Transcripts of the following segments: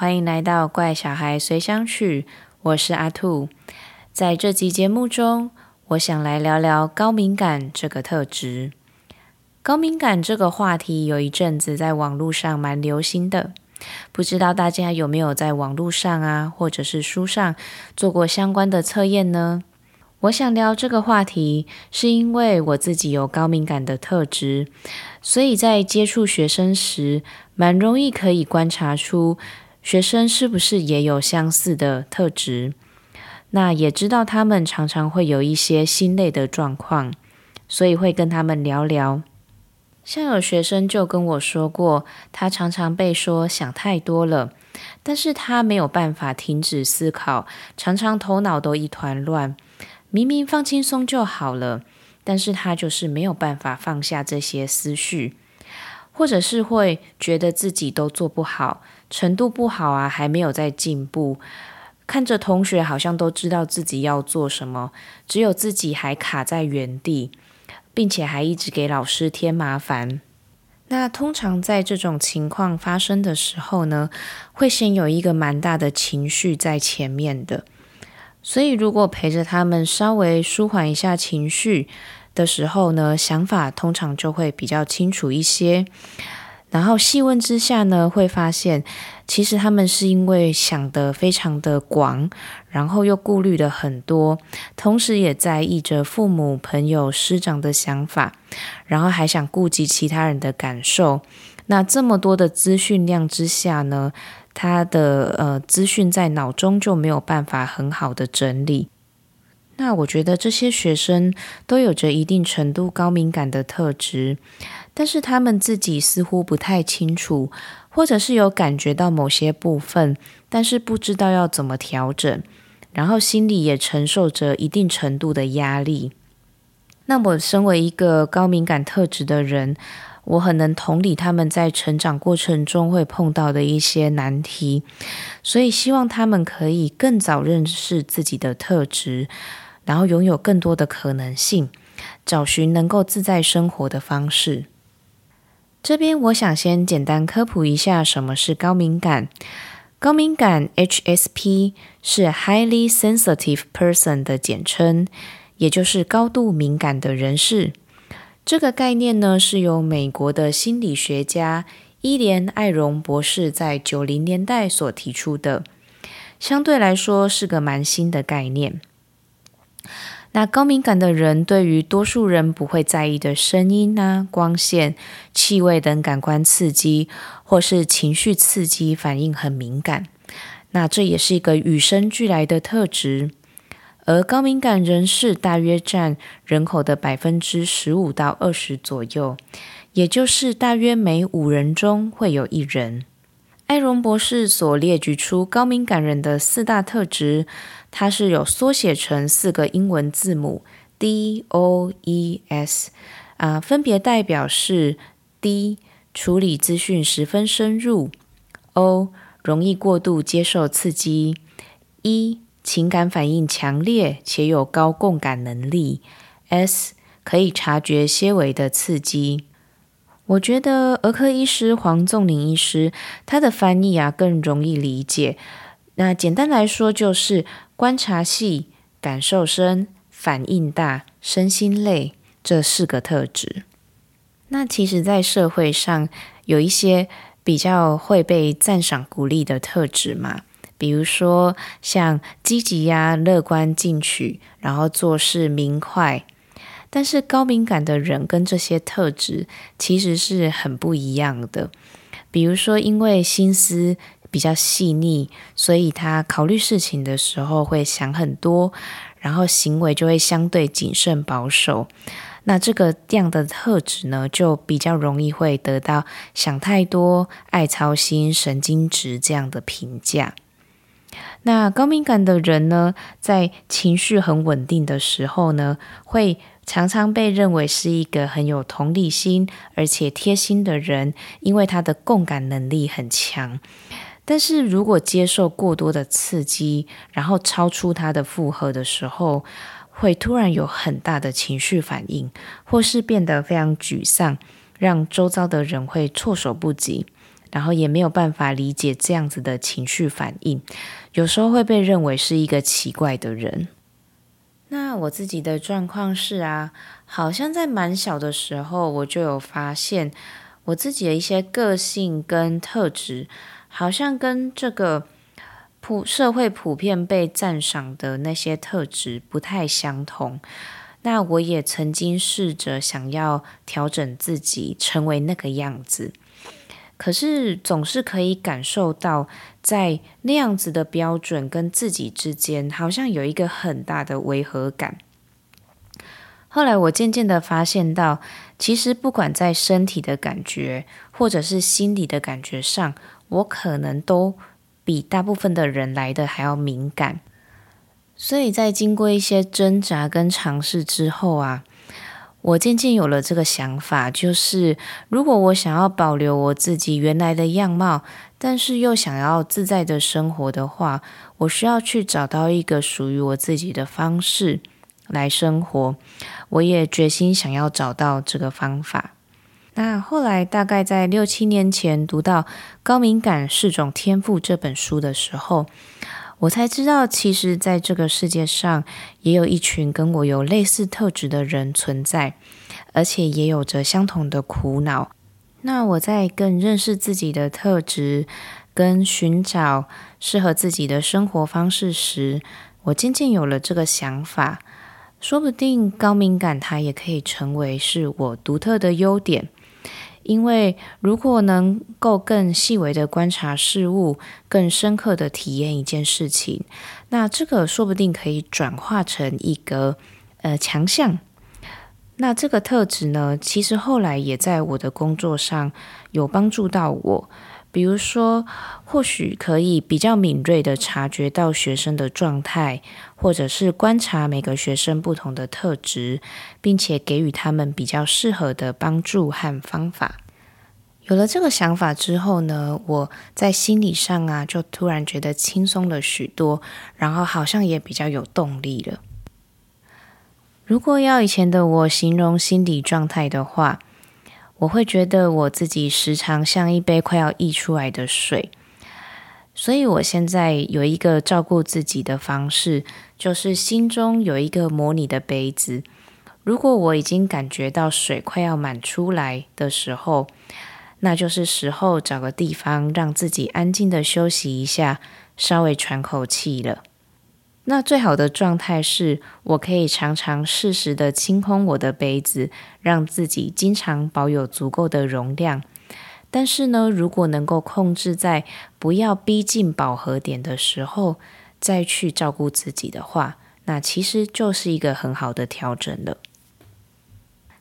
歡迎來到《怪小孩隨想曲》，我是阿兔。在這集節目中，我想來聊聊高敏感這個特質。高敏感這個話題有一陣子在網絡上蠻流行的，不知道大家有沒有在網絡上啊，或者是書上做過相關的測驗呢？我想聊這個話題，是因為我自己有高敏感的特質，所以在接觸學生時，蠻容易可以觀察出。學生是不是也有相似的特質？那也知道他們常常會有一些心累的狀況，所以會跟他們聊聊。像有學生就跟我說過，他常常被說想太多了，但是他沒有辦法停止思考，常常頭腦都一團亂，明明放輕鬆就好了，但是他就是沒有辦法放下這些思緒，或者是會覺得自己都做不好。程度不好啊，還沒有在進步。看着同學好像都知道自己要做什麼，只有自己還卡在原地，並且還一直給老師添麻煩。那通常在這種情況發生的時候呢，會先有一個蠻大的情緒在前面的。所以如果陪着他們稍微舒緩一下情緒的時候呢，想法通常就會比較清楚一些。然後細問之下呢，會發現其實他們是因為想得非常的廣，然後又顧慮了很多，同時也在意着父母、朋友、師長的想法，然後還想顧及其他人的感受。那這麼多的資訊量之下呢，他的呃資訊在腦中就沒有辦法很好的整理。那我覺得這些學生都有着一定程度高敏感的特質。但是他們自己似乎不太清楚，或者是有感覺到某些部分，但是不知道要怎麼調整，然後心裡也承受着一定程度的壓力。那我身為一個高敏感特質的人，我很能同理他們在成長過程中會碰到的一些難題，所以希望他們可以更早認識自己的特質，然後擁有更多的可能性，找尋能夠自在生活的方式。這邊我想先簡單科普一下什麼是高敏感。高敏感 （HSP） 是 Highly Sensitive Person 的簡稱，也就是高度敏感的人士。這個概念呢，是由美國的心理學家伊蓮·艾榮博士在九零年代所提出的，相對來說是個蠻新的概念。那高敏感的人對於多數人不會在意的聲音啊、光線、氣味等感官刺激，或是情緒刺激反應很敏感。那這也是一個與生俱來的特質。而高敏感人士大約占人口的百分之十五到二十左右，也就是大約每五人中會有一人。艾榮博士所列舉出高敏感人的四大特質。它是有縮寫成四個英文字母 D O E S 啊、呃，分別代表是 D 處理資訊十分深入，O 容易過度接受刺激，E 情感反應強烈且有高共感能力，S 可以察覺些微的刺激。我覺得兒科醫師黃瑽寧醫師他的翻譯啊更容易理解。那簡單來說，就是觀察細、感受深、反應大、身心累這四個特質。那其實，在社會上有一些比較會被讚賞、鼓勵的特質嘛，比如說像積極呀、啊、樂觀、進取，然後做事明快。但是高敏感的人跟這些特質其實是很不一樣的。比如說，因為心思比較細膩，所以他考慮事情的時候會想很多，然後行為就會相對謹慎保守。那這個這樣的特質呢，就比較容易會得到想太多、愛操心、神經質這樣的評價。那高敏感的人呢，在情緒很穩定的時候呢，會常常被認為是一個很有同理心而且貼心的人，因為他的共感能力很強。但是如果接受過多的刺激，然後超出他的負荷的時候，會突然有很大的情緒反應，或是變得非常沮喪，讓周遭的人會措手不及，然後也沒有辦法理解這樣子的情緒反應，有時候會被認為是一個奇怪的人。那我自己的狀況是啊，好像在蠻小的時候我就有發現我自己的一些個性跟特質，好像跟這個普社會普遍被讚賞的那些特質不太相同。那我也曾經試着想要調整自己，成為那個樣子，可是總是可以感受到，在那樣子的標準跟自己之間，好像有一個很大的違和感。後來我漸漸地發現到，其實不管在身體的感覺，或者是心理的感覺上。我可能都比大部分的人來得還要敏感，所以在經過一些掙扎跟嘗試之後啊，我漸漸有了這個想法，就是如果我想要保留我自己原來的樣貌，但是又想要自在的生活的話，我需要去找到一個屬於我自己的方式來生活，我也決心想要找到這個方法。那後來，大概在六七年前讀到《高敏感是種天賦》這本書的時候，我才知道，其實在這個世界上也有一群跟我有類似特質的人存在，而且也有着相同的苦惱。那我在更認識自己的特質，跟尋找適合自己的生活方式時，我漸漸有了這個想法，說不定高敏感它也可以成為是我獨特的優點。因為如果能夠更細微的觀察事物，更深刻的體驗一件事情，那這個說不定可以轉化成一個呃強項。那這個特質呢，其實後來也在我的工作上有幫助到我。比如說，或許可以比較敏銳地察覺到學生的狀態，或者是觀察每個學生不同的特質，並且給予他們比較適合的幫助和方法。有了這個想法之後呢，我在心理上啊就突然覺得輕鬆了許多，然後好像也比較有動力了。如果要以前的我形容心理狀態的話，我會覺得我自己時常像一杯快要溢出來的水，所以我現在有一個照顧自己的方式，就是心中有一個模擬的杯子。如果我已經感覺到水快要滿出來的時候，那就是時候找個地方讓自己安靜地休息一下，稍微喘口氣了。那最好的狀態是，我可以常常適時的清空我的杯子，讓自己經常保有足夠的容量。但是呢，如果能夠控制在不要逼近飽和點的時候再去照顧自己的話，那其實就是一個很好的調整了。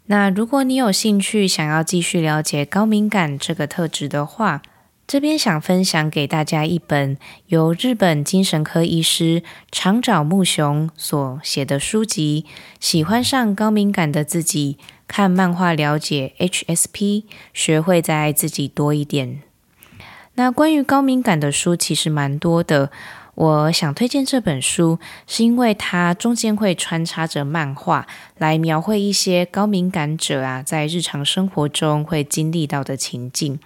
那如果你有興趣，想要繼續了解高敏感這個特質的話，這邊想分享給大家一本由日本精神科醫師長沼睦雄所寫的書籍，《喜歡上高敏感的自己》，看漫畫了解 HSP，學會再愛自己多一點。那關於高敏感的書其實蠻多的，我想推薦這本書，是因為它中間會穿插着漫畫，來描繪一些高敏感者啊，在日常生活中會經歷到的情境。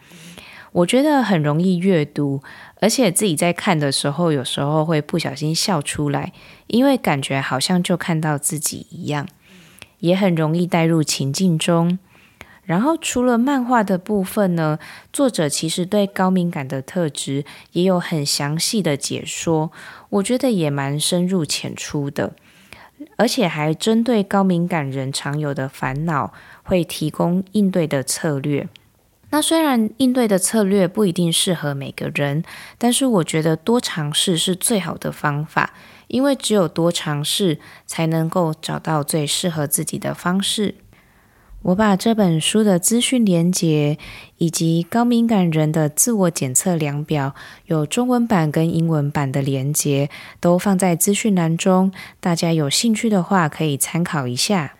我覺得很容易閱讀，而且自己在看的時候，有時候會不小心笑出來，因為感覺好像就看到自己一樣，也很容易帶入情境中。然後除了漫畫的部分呢，作者其實對高敏感的特質也有很詳細的解說，我覺得也蠻深入淺出的，而且還針對高敏感人常有的煩惱，會提供應對的策略。那雖然應對的策略不一定適合每個人，但是我覺得多嘗試是最好的方法，因為只有多嘗試，才能夠找到最適合自己的方式。我把這本書的資訊連結以及高敏感人的自我檢測量表，有中文版跟英文版的連接，都放在資訊欄中，大家有興趣的話可以參考一下。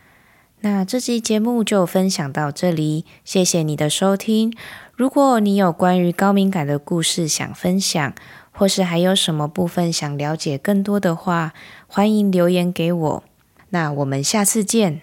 那這期節目就分享到這裡，謝謝你的收聽。如果你有關於高敏感的故事想分享，或是還有什麼部分想了解更多的話，歡迎留言給我。那我們下次見。